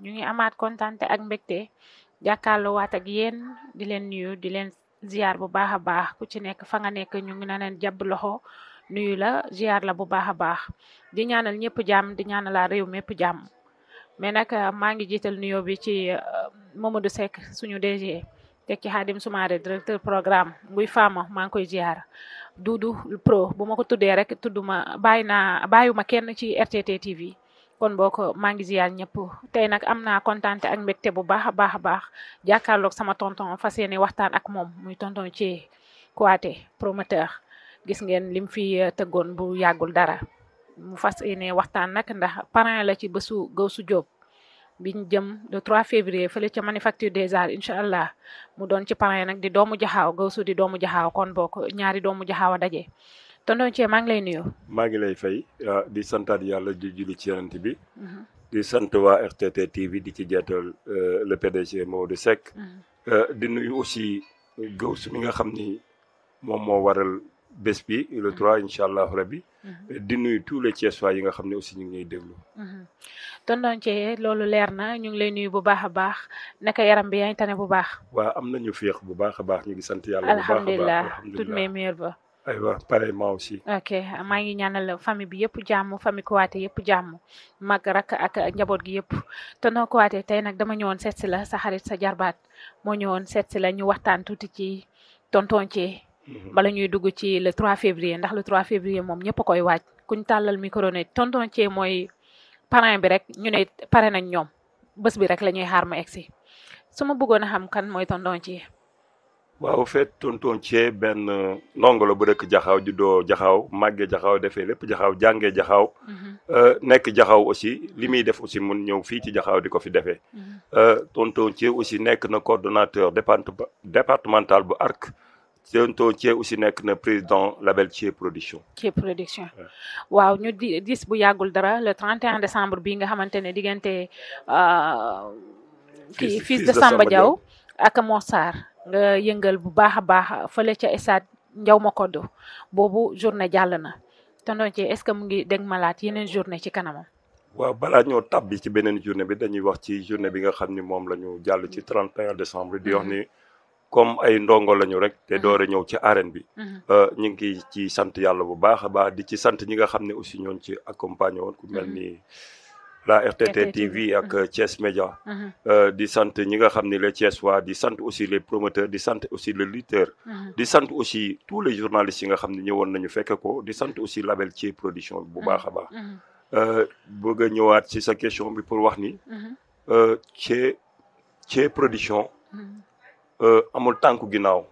ñu ngi amaat kontante ak mbégte jàkkaarloo waat ak yéen di leen nuyu di leen ziar bu baax a baax ku ci nekk fa nga nekk ñu ngi na leen jàpp loxo nuyu la ziar la bu baax a baax di ñaanal ñëpp jàmm di ñaanalaa réew mépp jàmm mais nag euh, maa ngi jiital nuyoo bi ci euh, Mamadou Seck suñu DG teg ci Khadim Soumaré directeur programme nguy Fama maa ngi koy ziar Doudou Pro bu ma tuddee rek tudduma bàyyi naa bàyyiwuma kenn ci RTT TV kon boo ko maa ngi ziyaar ñëpp tey nag naa kontaante ak mbégte bu baax a baax a baax jàkkaarloog sama tonton fas yéene waxtaan ak moom muy tonton ci Kouaté promoteur gis ngeen lim fi euh, tëggoon bu yàggul dara mu fas yéene waxtaan nag ndax parrain la ci bésu Gawsu Diop biñ jëm le 3 février fële ca Manufacture des Arts incha allah mu doon ci parrain nag di doomu jaxaaw Gawsu di doomu jaxaaw kon boo ko ñaari doomu jaxaw a daje ten tonton Thié maa ngi lay nuyu. maa ngi lay fay ah, di santaat yàlla di julli ci yonent bi. Mhm. di sant waa RTT TV di ci jeetal eh, le PDG Maodo Seck. Mhm. Eh, di nuyu aussi Gawsu mi nga xam ni moom moo waral bés bi le 3 mhm. incha allah rabbi. Eh, di nuyu tous les Thiessois yi nga xam ne aussi ñu ngi ñuy déglu. tonton Thié loolu leer na ñu ngi lay nuyu bu baax a baax naka yaram bi yaa ngi tane bu baax. waaw am nañu féex bu baax a baax ñu ngi sant yàlla bu baax a baax alhamdulilah tout aywa pareil moi aussi. ok maa ngi ñaanal famille bi yëpp jàmm famille Kouaté yëpp jàmm mag rakk ak njaboot gi yëpp tonton Kouaté tey nag dama ñëwoon seet si la sa xarit sa jarbaat moo ñëwoon seet si la ñu waxtaan tuuti ci tonton Thié. Mhm. bala ñuy dugg ci le 3 février ndax le 3 février moom ñëpp a koy waaj kuñ tàllal micro ne tonton Thié mooy parrain bi rek ñu ne pare nañ ñoom bés bi rek la ñuy xaar ma egg si su ma bëggoon a xam kan mooy tonton Thié. waaw feet tonton Thié benn ndongo la bu dëkk jaxaaw juddoo jaxaaw màggee jaxaaw defee lépp jaxaaw jàngee jaxaaw mhm. euh, nekk jaxaw aussi li muy def aussi mun ñëw fii ci jaxaaw di ko fi defee mhm. euh, tonton ci aussi nekk na coordonnateur départemental bu ARC tonton Thié aussi nekk na président label Thié production Thié production waaw ñu di bu yàggul dara le 31 décembre bi nga xamante ne diggante euh, kii fils de Samba Diaw ak nga yëngal bu baax a baax fële ca njaw ma Makodo boobu journée jàll na tonton ci est-ce que mu ngi dégg malaat yeneen journée ci kanamam. waaw balaa ñoo tàbbi ci beneen journée bi dañuy wax ci journée bi nga xam ni moom la ñu jàll ci 31 décembre di wax mhm. ni comme ay ndongo lañu rek te mhm. doore ñëw ci arène bi. Mhm. Euh, ñu ngi ci sant yàlla bu baax a baax di ci sant ñi nga xam ne aussi ñoon ci accompagné woon ku mel ni. la RTT TV ak uh-huh. Thiès Média uh-huh. euh, di sant ñi nga xam ni le Thiès waa di sant aussi les promoteurs di sant aussi le lutteurs uh-huh. di sant aussi tous les journalistes yi nga xam ne ñëwoon nañu fekk ko di sant aussi label ci production bu baax a baax euh, bëgg a ñëwaat ci sa question bi pour wax ni ci euh, ci production amul tànku ginnaaw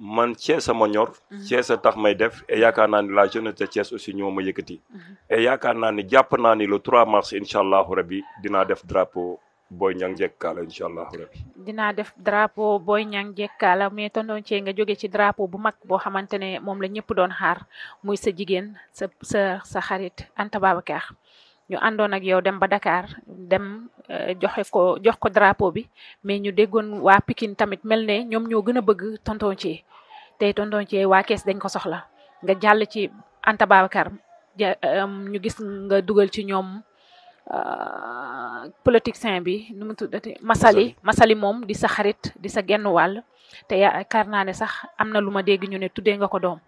man Thiès ma ñor. Thiès mhm. tax may def et yaakaar naa ni la jeunesse de Thiès aussi ñoo ma yëkkati. Mhm. et yaakaar naa ni jàpp naa ni le 3 mars incha allahu rabi dinaa def drapeau Boy Niang Jekkaala incha allahu rabi. dinaa def drapeau Boy Niang Jekkaala mais tonton Thié nga joge ci drapeau bu mag boo xamante ne moom la ñëpp doon xaar muy sa jigéen sa sa sa xarit Anta Babacar. ñu àndoon ak yow dem ba Dakar dem eh, joxe ko jox ko drapeau bi mais ñu déggoon waa pikin tamit mel ne ñoom ñoo gën a bëgg tonton Thié tey tonton Thié waa kees dañ ko soxla nga jàll ci Anta Babacar ñu gis nga dugal ci ñoom eh, politicien bi nu mu moom di sa xarit di sa genn wàll te yaakaar naa ne sax am na lu ma dégg ñu ne tuddee nga ko doom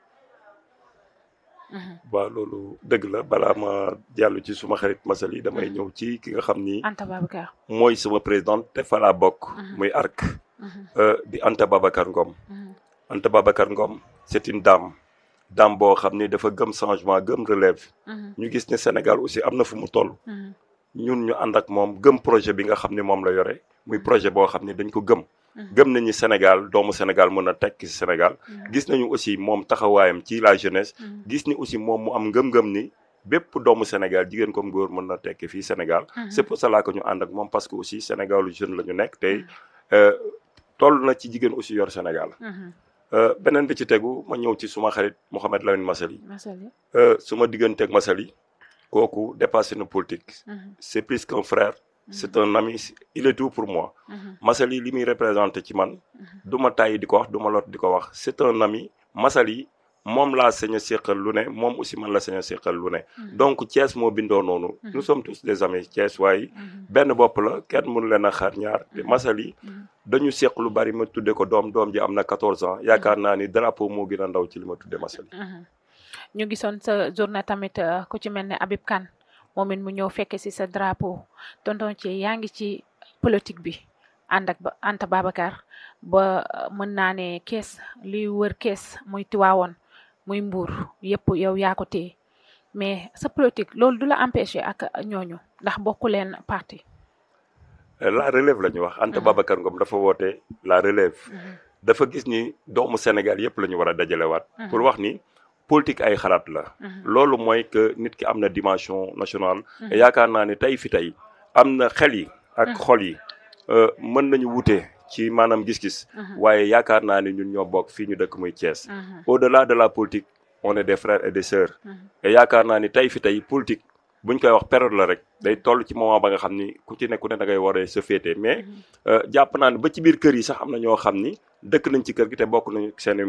waaw loolu dëgg la balaa ma jàll ci suma xarit masal yi damay ñëw ci ki nga xam ni. mooy suma présidente te fa bokk. muy arc. Euh, di Anta Babacar Ngom. Anta Babacar Ngom c'est une dame. boo xam ni dafa gëm changement gëm relève. ñu gis ne Sénégal aussi am na fu mu toll. ñun ñu ànd ak moom gëm projet bi nga xam ni moom la yore muy projet boo xam ni dañ ko gëm. Mhm. gëm nañu Sénégal doomu Sénégal mën a tekki si Sénégal. Mhm. gis nañu aussi moom taxawaayam ci la jeunesse. Mhm. gis ni aussi moom mu am ngëm-ngëm ni. bépp doomu Sénégal jigéen comme góor mën na tekki fii Sénégal. c'est pour cela ñu ànd ak moom parce que aussi Sénégalu jeune la ñu nekk tey euh, toll na ci jigéen aussi yor Sénégal. Euh, beneen bi ci tegu ma ñëw ci suma xarit Mouhamed Lamine Massaly. Massaly euh, suma digganteeg Massaly kooku dépassé na politique. c'est plus qu'un frère. c' est un ami il est tout pour moi. Mm-hmm. Massaly li muy représenté ci man. Mm-hmm. du ma tàyyi wax du lot di wax c' est un ami Massaly moom la sañ a lu ne moom aussi man la sañ a seqal lu ne. Mm-hmm. donc Thiès moo bindoo noonu. nous sommes tous des amis Thiès waaye. benn bopp la kenn mënu leen a xaar ñaar te Massaly dañu seq lu bari ma tudde ko doom doom ji am na 14 ans yaakaar naa ni drapeau moo gën a ndaw ci li ma tudde Massaly. ñu gisoon sa journée tamit euh, ku ci mel moom it mu ñëw fekke si sa drapeau tonton Thié yaa ngi ci politique bi ànd ak Anta Babacar ba uh, mën naa ne kees liy wër kees muy Tiwaawoon muy Mbuur yëpp yow yaa ko téye mais sa politique loolu du la empêché ak ñooñu ndax bokku leen parti euh, la relève la ñu wax Anta mm-hmm. Babacar Ngom dafa woote la relève mm-hmm. dafa gis ni doomu Sénégal yëpp la ñu war a dajalewaat mm-hmm. pour wax ni politique ay xalaat la. Mhm. loolu mooy que nit ki am na dimension nationale. Mhm. yaakaar naa ne tey fi tey am na xel yi. ak mhm. xol yi euh, mën nañu wute ci maanaam gis-gis. waaye yaakaar naa ni ñun ñoo bokk fii ñu dëkk muy Thiès. de delà de la politique on de des frères et des sœurs. yaakaar naa ni tey fi tey bu buñ koy wax période la rek day toll ci moment ba nga xam ni ku ci nekku ku ne dangay waree sa féete mais euh, jàpp naa ne ba ci biir kër yi sax am na ñoo xam ni. dëkk nañ ci kër gi te bokk nañ seen i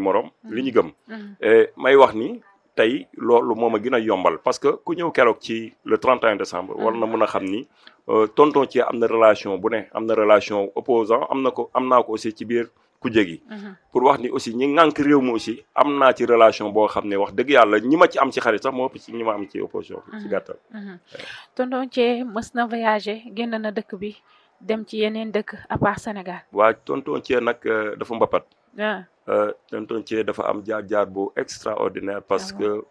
li ñu gëm mm-hmm. eh, may wax ni tey loolu moom a gën a yombal parce que ku ñëw keroog ci le 31 décembre war na mën mm-hmm. a xam ni euh, tonton ci am na relation bu ne am na relation opposant am na ko am naa ko aussi ci biir ku jégi mm-hmm. pour wax ni aussi ñi ngànk réew mi aussi am naa ci relation boo xam ne wax dëgg yàlla ñi ma ci am ci xarit sax moo ëpp ci ñi ma am ci opposition tonton Thié mës na voyager génn na dëkk bi dem ci yeneen dëkk à part waa waaw ci Thier nag euh, dafa mbapat. waaw ah. euh, tonton Thier dafa am jaar jaar bu extraordinaire. parce ah que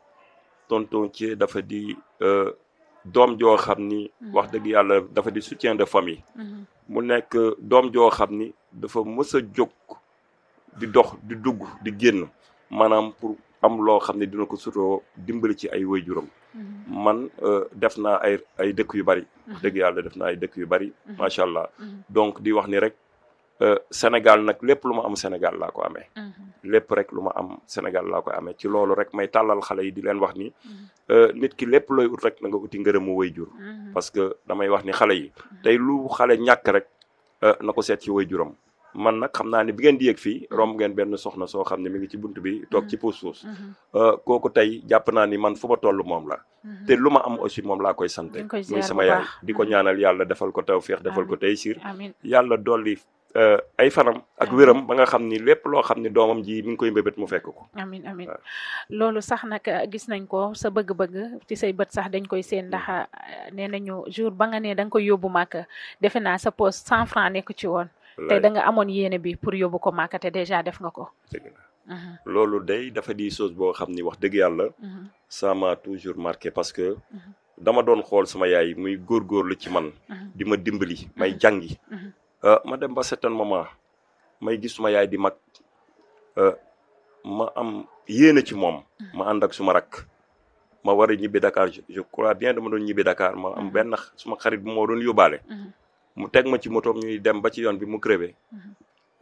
tonton ci dafa di euh, doom joo xam ni. Mhm. wax dëgg yàlla dafa di soutien de famille. Mhm. mu nekk doom joo xam ni dafa mës a jóg di dox di dugg di génn maanaam pour. am loo xam ne dina ko sutoo dimbali ci ay waajuram mm-hmm. man euh, def naa ay ay dëkk yu bari mm-hmm. dëgg yàlla def na ay dëkk yu bari mm-hmm. macha allah donc di wax ni rek euh, Sénégal nag lépp lu ma am Sénégal laa ko amee lépp rek lu ma am Sénégal laa ko amee ci loolu rek may tàllal xale yi di leen wax ni euh, nit ki lépp looy ut rek na nga uti ngërëmu jur parce que damay wax ni xale yi tey lu xale ñàkk rek na ko seet ci waajuram man nag xam naa ne bi ngeen di yëg fii mm-hmm. romb ngeen benn soxna so xam ne mi ngi ci bunt bi toog ci mm-hmm. puus puus mm-hmm. euh, kooku tey jàpp naa ni man fu ma toll moom la te lu ma am aussi moom laa koy sante muy sama yaay di ko ñaanal yàlla defal ko tawféex defal ko taysiir yàlla dolli euh, ay fanam ak wéram ba nga xam ni lépp loo xam ni doomam ji mi ngi koy mbébét mu fekk ko. amin amin loolu sax nag euh, gis nañ ko sa bëgg-bëgg ci say bët sax dañ koy seen ndax nee nañu jour ba nga ne da koy yóbbu màkk defe naa sa poste cent franc nekk ci woon. tey da nga amoon yéene bi pour yóbbu ko Màkka te déjà def nga ko. Mhm. loolu day dafa di chose boo xam ni wax dëgg yàlla. Mhm. ça m'a toujours marqué parce que. Mhm. dama doon xool sama yaay muy góorgóorlu ci man. di ma dimbali may jàngi. Euh, ma dem ba certain moment may gis suma yaay di mag euh, ma am yéene ci moom. ma ànd ak suma rakk. ma wara a ñibbi Dakar je crois bien dama doon ñibbi Dakar ma am benn suma xarit moo doon yóbbaale. mu teg ma ci motoom ñuy dem ba ci yoon bi mu crevé mhm.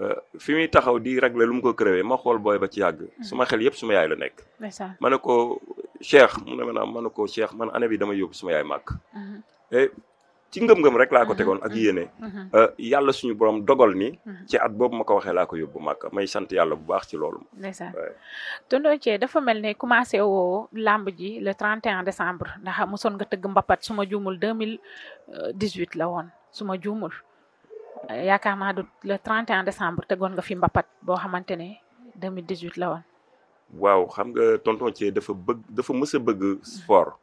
euh, fi muy taxaw di régler lu mu ko crevé ma xool booy ba ci yàgg mhm. suma xel yëpp suma yaay la nekk ma ne ko cheikh mu ne ma ne ko cheikh man année bi dama yóbbu suma yaay màkk mhm. ci ngëm-ngëm rek laa ko tegoon ak yéene euh, yàlla suñu borom dogal ni ci at boobu ma ko waxee laa ko yóbbu màkk may sant yàlla bu baax ci loolu ndeysaan tonton Thie dafa mel ne commencé woo làmb ji le en décembre ndax mosoon nga tëgg mbapat su mille juumul 2018 la woon su ma juumul yaakaar naa du le 31 décembre tegoon nga fi mbapat boo xamante ne 2018 la woon waaw xam nga tonton Thie dafa bëgg dafa mës bëgg sport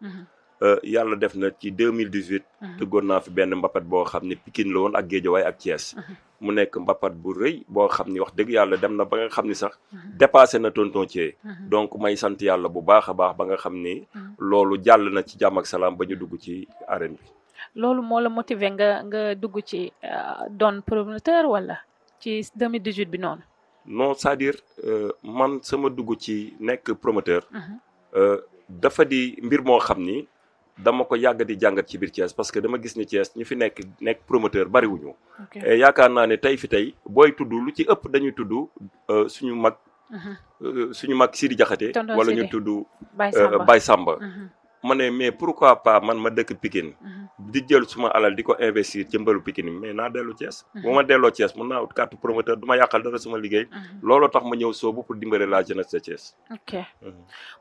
Euh, yàlla def na ci dix 2018. tëggoon naa fi benn mbapat boo xam ne Pikine la woon ak Guédiawaye ak Thiès. mu nekk mbapat bu rëy boo xam ni wax dëgg yàlla dem na ba nga xam ni sax. dépassé na tonton Thié. donc may sant yàlla bu baax a baax ba nga xam ni. loolu jàll na ci jàmm ak salaam ba ñu dugg ci arène bi. loolu moo la motiver nga nga dugg ci euh, doon promoteur wala ci 2018 bi noonu. non c'est-à-dire euh, man sama dugg ci nekk promoteur. dafa di mbir moo xam ni. dama ko yàgg jàngat ci biir Thiès parce que dama gis ni Thiès ñu fi nekk nekk promoteur bariwuñu et yaakaar naa ne tey fi tey booy tudd lu ci ëpp dañuy tudd euh, suñu mag uh-huh. euh, suñu mag si di Diakhaté walla ñu tudd bay euh, Samba ma ne mais pourquoi pas man ma dëkk Pikine mhm. di jël suma alal di ko investir ci mbalu Pikine mais naa dellu Thiès mhm. bu ma delloo Thiès mën naa ut carte promoteur du ma yàqal dara suma liggéey mhm. looloo tax ma ñëw soobu pour dimbale la jeunesse de ok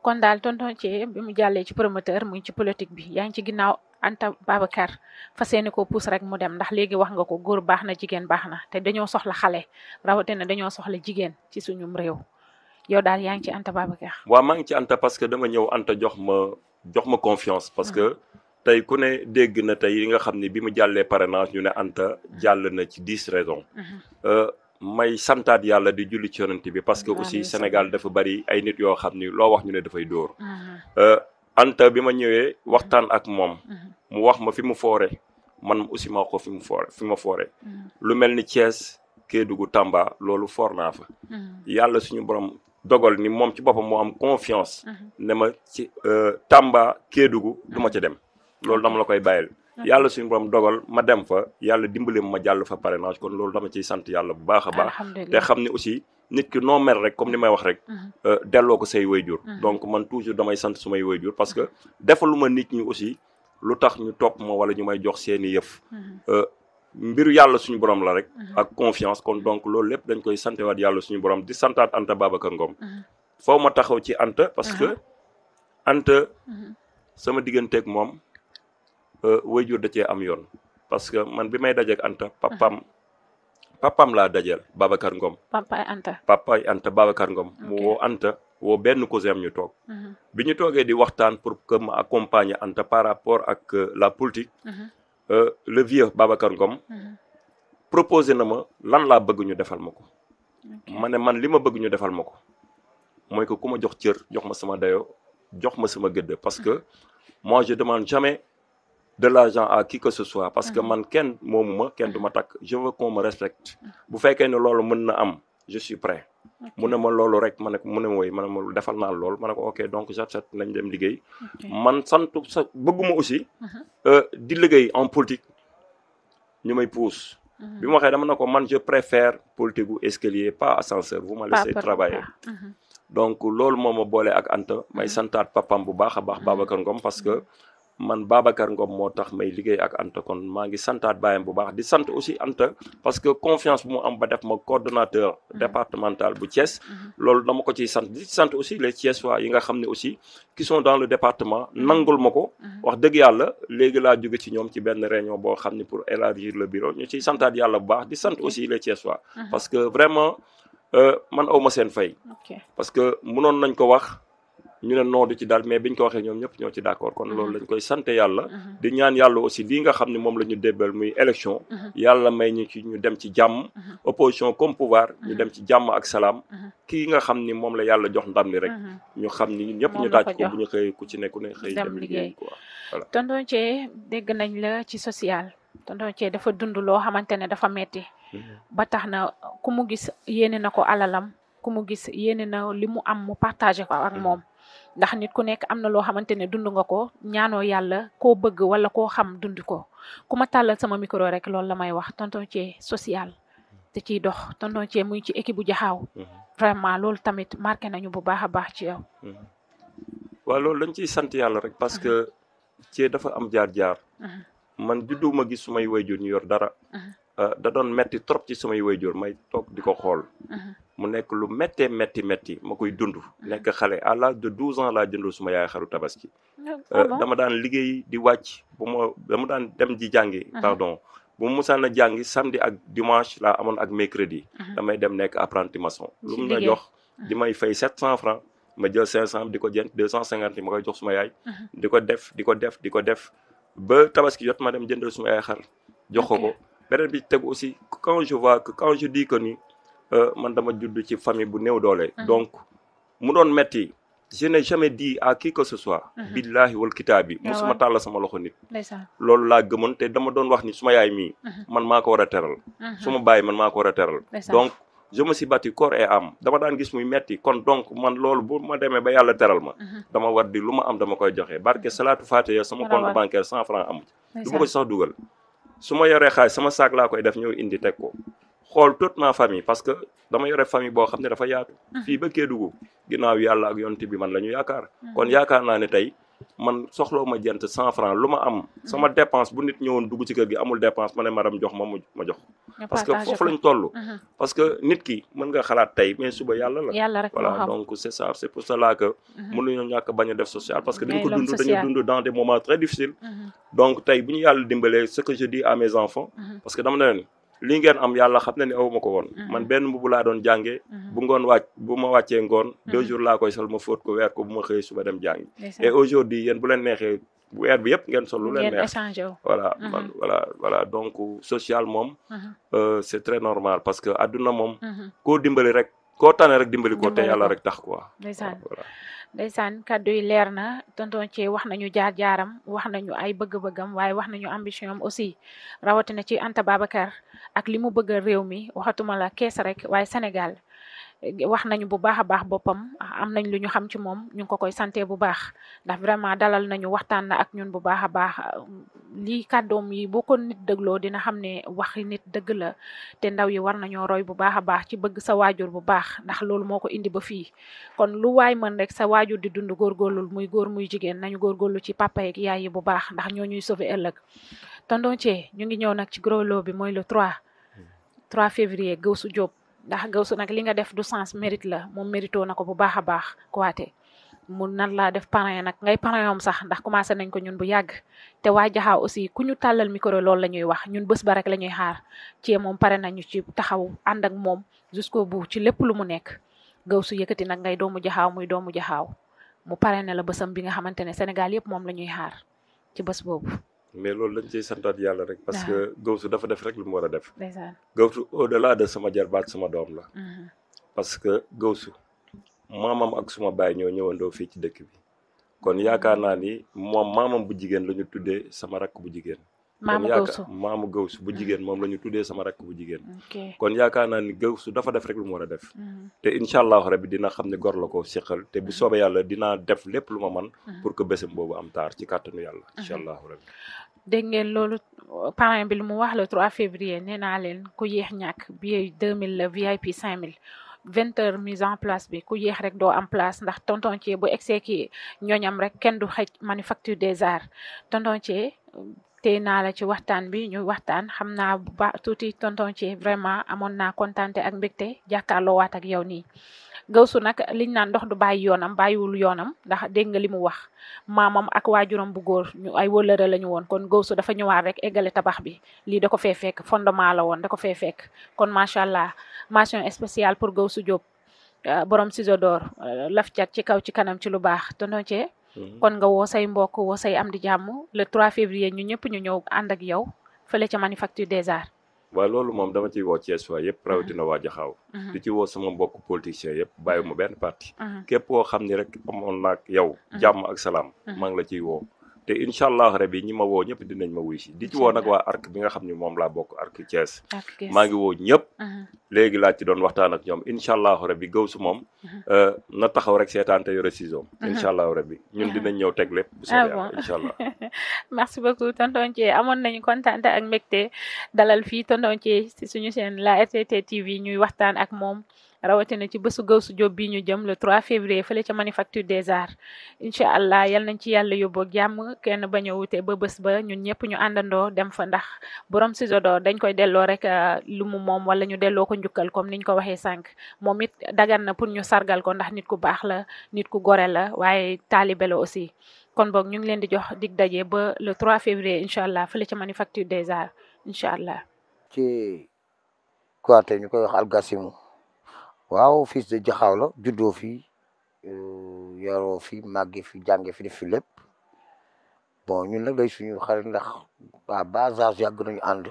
kon daal ton Thié ci mu jàllee ci promoteur muy ci politique bi yaa ngi ci ginnaaw Anta Babacar fas yéene ko pousse rek mu dem ndax léegi wax nga ko góor baax na jigéen baax na te dañoo soxla xale rawatina dañoo soxla jigéen ci suñum réew yow daal yaa ngi ci Anta Babacar waaw maa ngi ci Anta parce que dama ñëw Anta jox ma jox ma confiance parce mm. que tey ku ne dégg na tey yi nga xam ni bi mu jàllee pare parrainage ñu ne Anta mm. jàll na ci dix raisons. Mm-hmm. Euh, may santaat yàlla di julli ci yonent bi parce que aussi Sénégal dafa bari ay nit yoo xam ni loo wax ñu ne dafay dóor. Mm-hmm. Euh, Anta bi ma ñëwee waxtaan ak moom. Mm-hmm. mu wax ma fi mu foore man aussi ma ko fi mu foore fi ma foore. lu mel ni Thiès Kédougou Tamba loolu foor naa fa. yàlla suñu borom. dogal ni moom ci boppam moo am confiance. Mhm. ne ma ci euh, Tamba Kédougou du mhm. ca dem loolu dama la koy bàyyil. Mhm. yàlla suñu borom dogal ma dem fa yàlla dimbale ma jàll fa pare parrainage kon loolu dama ciy sant yàlla bu baax a baax. te xam ne aussi nit ki noo mer rek comme ni may wax rek. Euh, delloo ko say wayjur. donc man toujours damay sant sumay wayjur parce que defaluma nit ñi aussi lu tax ñu topp ma wala ñu may jox seeni yëf. Euh, mbir yàlla suñu borom la rek. ak confiance kon donc loolu lépp dañ koy santewaat yàlla suñu borom di santaat Anta Babacar Ngom. foo ma taxaw ci Anta parce que Anta sama digganteeg moom euh, waajur da cee am yoon. parce que man bi may dajeeg Anta papam papam laa dajeel Babacar Ngom. papaay Anta papaay Anta Babacar woo Anta woo benn cousin ñu toog. bi ñu toogee di waxtaan pour que ma accompagner Anta par rapport ak euh, la politique. Euh, le vieux Babacar Ngom mhm. proposé na ma lan laa bëgg ñu defal ma ko ma ne man li ma bëgg ñu defal ma ko mooy que ku ma jox cër jox ma sama dayo jox ma sama gëdd parce que mhm. moi je demande jamais de l'argent à qui que ce soit parce que mhm. man kenn moomu ma kenn du ma takk je veux qu'on me respecte bu fekkee ne loolu mën na am je suis prêt mu ne ma loolu rek ma ne ko mu ne ma woy ma ne ma defal lool ma ne ko ok donc jat jat nañ dem liggéey. man sant sa bëgguma aussi. Uh-huh. Euh, di liggéey en politique ñu may pousse. Uh-huh. bi ma waxee dama ne ko man je préfère politique gu escalier pas ascenseur. vous me laissez travailler. Uh-huh. donc loolu moo ma boole ak Anta may santaat papam bu baax a baax Babacar Ngom parce que. man Babacar Ngom moo tax may liggéey ak Anta kon maa ngi santaat bàyyam bu baax di sant aussi Anta parce que confiance bu mu am ba def ma coordonnateur mm-hmm. départemental bu Thiès mm-hmm. loolu dama ko ciy sant di sant aussi les yi nga xam ne aussi qui sont dans le département nangul ma ko mm-hmm. wax dëgg yàlla léegi laa jóge ci ñoom ci benn réunion boo xam ne pour élargir le bureau ñu ciy santaat yàlla bu baax di sant aussi les Thiessois parce que vraiment euh, man awma seen fay parce que ñu ne noodu ci daal mais biñ ko waxee ñoom ñëpp ñoo ci d'accord kon loolu mhm. lañ koy sant yàlla mhm. di ñaan yàlla aussi lii nga xam ne moom la ñu débbal muy élection mhm. yàlla may ñu ci ñu dem ci jàmm opposition comme pouvoir ñu dem ci jàmm ak salaam kii nga xam ni moom la yàlla jox ndam li rek ñu xam ni ñëpp ñu tàcc ko bu ñu xëy ku ci nekku ne xëy dem liggéey quoi voilà tonton Thie dégg nañ la ci social tonton Thie dafa dund loo xamante ne dafa metti ba tax na ku mu gis yeneen ak ko alalam ku mu gis yéene na li mu am mu partagé ko ak moom ndax nit ku nekk am na loo xamante ne dund nga ko ñaanoo yàlla koo bëgg wala koo xam dund ko ku ma tàllal sama micro rek loolu la may wax tonton Thié social te ciy dox tonton Thié muy ci équipe bu jaxaaw mhm. vraiment loolu tamit marqué nañu bu baax a baax ci yow. Mhm. waaw loolu dañ ciy sant yàlla rek parce que mhm. Thié dafa am jaar-jaar. man juddu ma gis sumay wayjur ñu yor dara. Ah, da doon metti trop ci sumay wayjur may toog di ko xool. mu nekk lu méttee métti métti ma koy dund mm-hmm. nekk xale à l'âge de douze ans laa jëndul suma yaay xaru tabaski ah, euh, dama daan liggéey di wàcc bu ma dama daan dem ji jàngi mm-hmm. pardon bu mu musaan a jàngi samedi ak dimanche laa amoon ak mercredi mm-hmm. damay dem nekk apprenti maçon lu mu la jox ah. di may fay sept cent francs ma jël cinq cent di ko jënd deux cent cinquante yi ma koy jox suma yaay di ko def di ko def di ko def ba tabaski jot ma dem jëndal suma yaay xar jox ko ko beneen bi tegu aussi quand je Euh, man dama judd ci famille bu néew doole. Mhm. donc mu doon metti je n'ai jamais dit à qui que ce soit. Mhm. billahi wal kitaab bi ah mosuma tàlla sama loxo nit. loolu laa gëmoon te dama doon wax ni suma yaay mii. Mhm. man maa ko war a teral. suma baay man maa ko war a teral. donc je me suis battu corps et âme dama daan gis muy metti kon donc man loolu bu ma demee ba yàlla teral ma. dama war di lu ma am dama koy joxe barke salaatu faatiha sama compte bancaire cent franc am. du ma su ma yoree xaalis sama saak laa koy def ñëw indi teg ko. xool toute ma famille parce que dama yore famille boo xam ne dafa yaatu. Ah. fii ba Kédougou ginnaaw yàlla ak yonti bi man la ñu yaakaar. Ah. kon yaakaar naa ne tey man soxloo ma jent cent franc lu ma am. Ah. sama dépense bu nit ñëwoon dugg ci kër gi amul dépense ma ne madame jox ma ma jox. parce que foofu lañ toll. parce que nit ki mën nga xalaat tey mais suba yàlla la. yàlla donc c' ça c' pour cela que. a def social. parce que dañ ko dund dañu dund dans des parce que dama ne leen li ngeen am yàlla xam na ne awuma ko woon mhm. man benn mbubu laa doon jànge mhm. bu ngoon wàcc bu ma wàccee ngoon mhm. deux jours laa koy sol ma fóot ko weer ko bu ma xëyee suba dem jàngi et aujourd'hui yéen bu leen neexee weer bi yëpp ngeen sol lu leen neex voilà voilà voilà donc social moom euh, c'est très normal parce que adduna moom koo dimbali rek koo tane rek dimbali ko te yàlla rek tax quoi ndeysaan kàddu yi leer na tonton Thié wax nañu jaar jaaram wax nañu ay bëgg-bëggam waaye wax nañu ambition aussi rawatina ci Anta Babacar ak li mu bëgg réew mi waxatuma la kees rek waaye Sénégal wax nañu bu baax a baax boppam am nañ lu ñu xam ci moom ñu ko koy sante bu baax ndax vraiment dalal nañu waxtaan na ak ñun bu baax a baax lii kàddoom yi boo kon nit dëgloo dina xam ne waxi nit dëgg la te ndaw yi war nañoo roy bu baax a baax ci bëgg sa waajur bu baax ndax loolu moo ko indi ba fii kon lu waay mën rek sa waajur di dund góorgóorlul muy góor muy jigéen nañu góorgóorlu ci papa yeeg yaay yi bu baax ndax ñoo ñuy sauver ëllëg tonton ñu ngi ñëw nag ci gros bi mooy le 3 3 hmm. février Gawsu ndax Gawsu nag li nga def du sens mérite la moom mérito na ko bu baax a baax Kouaté mu nan laa def parrain nag ngay parrainam sax ndax commencé nañ ko ñun bu yàgg te waa Jaxaaw aussi ku ñu tàllal micro loolu la ñuy wax ñun bës ba rek la ñuy xaar ci moom pare nañu ci taxaw ànd ak moom jusqu'au bout ci lépp lu mu nekk Gawsu yëkkati nag ngay doomu jaxaw muy doomu Jaxaaw mu parrainé la bësam bi nga xamante ne Sénégal yëpp moom la ñuy xaar ci bës boobu mais loolu lañ ciy santaat yàlla rek parce que ah. gawtu dafa def rek lu mu war a def gawtu au delà de sama jarbaat sama doom la mm-hmm. parce que gawtu maamam ak suma baay ñoo ñëwandoo fii ci dëkk bi kon yaakaar naa ni moom maamam bu jigéen la ñu tuddee sama rakk bu jigéen maamu gawsu maamu gawsu bu jigéen moom la ñu tuddee sama rakk bu jigéen kon yaakaar naa ni gawsu dafa def rek lu mu war a def mhm. te incha allahu rabbi dina xam ne gor la ko siqal te bu mhm. soobee yàlla dinaa def lépp lu ma man mhm. pour que bésam boobu am taar ci kàttanu yàlla incha allahu rabbi dégg loolu parrain bi lu mu wax le 3 février nee naa leen ku yéex ñàkk billet 2000 la VIP 5000 vingt heures mise en place bi ku yéex rek doo am place ndax tonton Thié bu egsee kii ñooñam rek kenn du xëj tey naa la ci waxtaan bi ñu waxtaan xam naa ba tuuti tonton ci vraiment amoon naa kontaan ak mbégte jàkkaarloo waat ak yow nii. Gawsu nag liñ naan ndox du bàyyi yoonam bàyyiwul yoonam ndax dégg li mu wax maamam ak waajuram bu góor ñu ay wëllëre la ñu woon kon Gawsu dafa ñëwaat rek eggale tabax bi lii da ko fee fekk fondement la woon da ko fee fekk kon macha allah mention spéciale pour Gawsu Diop euh, borom ciseau d'or euh, laf ci kaw ci kanam ci lu baax tonton Cee Mm-hmm. kon nga woo say mbokk woo say am di jàmm le 3 février ñu ñëpp ñu ñëw ànd ak yow fële ca manufacture des arts. loolu moom dama ciy woo Thiès waa yëpp rawatina mm-hmm. waa Jaxaaw mm-hmm. di ci woo sama mbokk politiciens yëpp bàyyi ma benn parti képp koo xam ni rek amoon naag yow jàmm ak salaam maa ngi la ciy woo te incha allah rabi ñi ma woo ñëpp dinañ ma wuy si di ci woo waa arc bi nga xam ne moom la bokk arc Thiès maa ngi woo ñëpp léegi laa ci doon waxtaan ak ñoom incha allah rabi gaw su moom euh, na taxaw rek seetaan te yore ciseau incha allah rabi ñun dinañ ñëw teg lépp bu ah soobee yàlla incha allah merci beaucoup tonton Dieng amoon nañu kontaan ak mbégte dalal fii tonton Dieng si suñu seen la RTT TV ñuy waxtaan ak moom rawatina ci bésu Gawsu Jóob bi ñu jëm le 3 février fële ca Manufacture des Arts incha allah yal nañ ci yàlla yóbboo jàmm kenn ba a wute ba bës ba ñun ñëpp ñu àndandoo dem fa ndax borom Ciseaux d'or dañ koy delloo rek euh, lu mu moom wala ñu delloo ko njukkal comme niñ ko waxee sànq moom it dagan na pour ñu sargal ko ndax nit ku baax la nit ku gore la waaye taalibe aussi kon boog ñu ngi leen di jox dig daje ba le 3 février incha allah fële ca manufacture des arts allah. ci quartier ñu koy wax algasimu waaw fiis de Jaxaaw la juddoo fi euh, yaroo fi màgge fi jànge fi def fi lépp bon ñu nag day suñu xarit ndax waa bas âge yàgg nañu ànd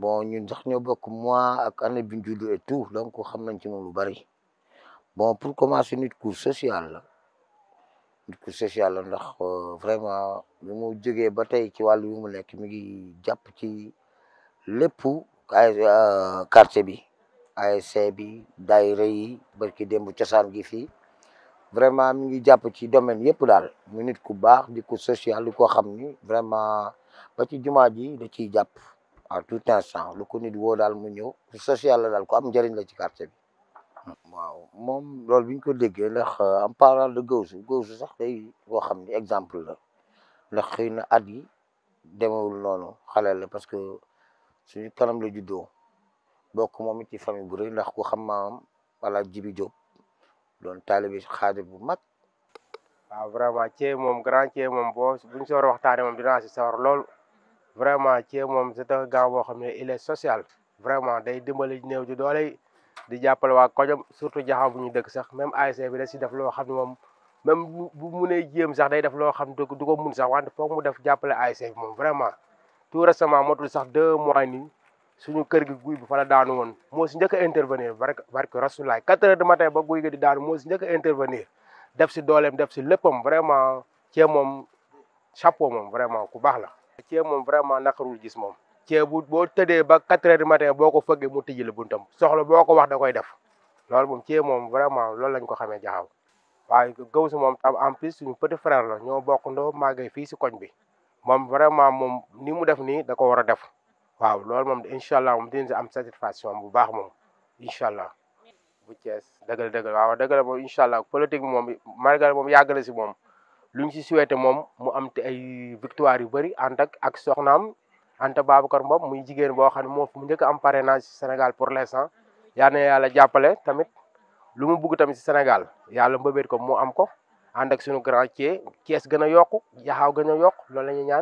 bon ñu sax ñoo bokk mois ak année bi ñu judd et tout donc xam nañ ci moom lu bari bon pour commencer nit ku social la nit la ndax euh, vraiment bi mu jógee ba tey ci wàllu bi mu nekk mi ngi jàpp ci lépp euh, quartier bi ASC bi daayira yi barki démb cosaan gi fii vraiment mi ngi jàpp ci domaine yëpp daal mu nit ku baax di ko social di ko xam ni vraiment ba ci jumaa ji da ciy jàpp à tout instant lu ko nit woo daal mu ñëw social la daal ko am njëriñ la ci quartier bi waaw moom loolu biñ ñu ko déggee ndax euh, en parlant de Gawsu Gawsu sax day boo xam ni exemple la ndax xëy na at yi demewul noonu xale la parce que suñu kanam la juddoo bokk moom it ci famille bu rëy ndax ku xam maam wala Jibi Diop doon taalibi xaadir bu mag. waaw vraiment Thié moom grand Thié moom boo buñ soor waxtaanee moom dinaa si sawar lool vraiment Thié moom c'est un gars boo xam ne il est social. vraiment day dimbali néew ji doole di jàppale waa kojom surtout jaxaw bu ñu dëkk sax même ASC e bi da si def loo xam ne moom même bu munee jéem sax day def loo xam ne du ko mun sax wante foog mu def jàppale ASC e bi moom vraiment tout récemment motul sax deux mois suñu kër gi guy bi fa la daanu woon moo si njëkk a intervenir barke rasulaay quatre heures du matin ba guy gi di daanu moo si njëkk a def si dooleem def si léppam vraiment cee moom chapeau moom vraiment ku baax la. cee moom vraiment naqarul gis moom. cee bu boo tëddee ba quatre heures boo ko fëggee mu tijji la buntam soxla boo ko wax da koy def loolu moom cee moom vraiment loolu lañ ko xamee jaxaw waaye gaw si moom tam en plus suñu petit frère la ñoo bokk ndoo màggee fii si koñ bi moom vraiment moom ni mu def nii da ko war a def. waaw loolu moom incha allah moom dinañ si am satisfaction bu baax moom incha allah bu Thiès dëgg la waaw dëgg la moom incha allah politique moom Margal moom yàgg si moom lu ñu si souhaité moom mu am te ay victoire yu bari ànd ak ak soxnaam Anta Babacar Mbop muy jigéen boo xam ne moo mu njëkk am pare si Sénégal pour l'instant yaa ne yàlla jàppale tamit lu mu bugg tamit si Sénégal yàlla mbëbët ko mu am ko ànd ak suñu grand Thiès Thiès gën a yokk loolu la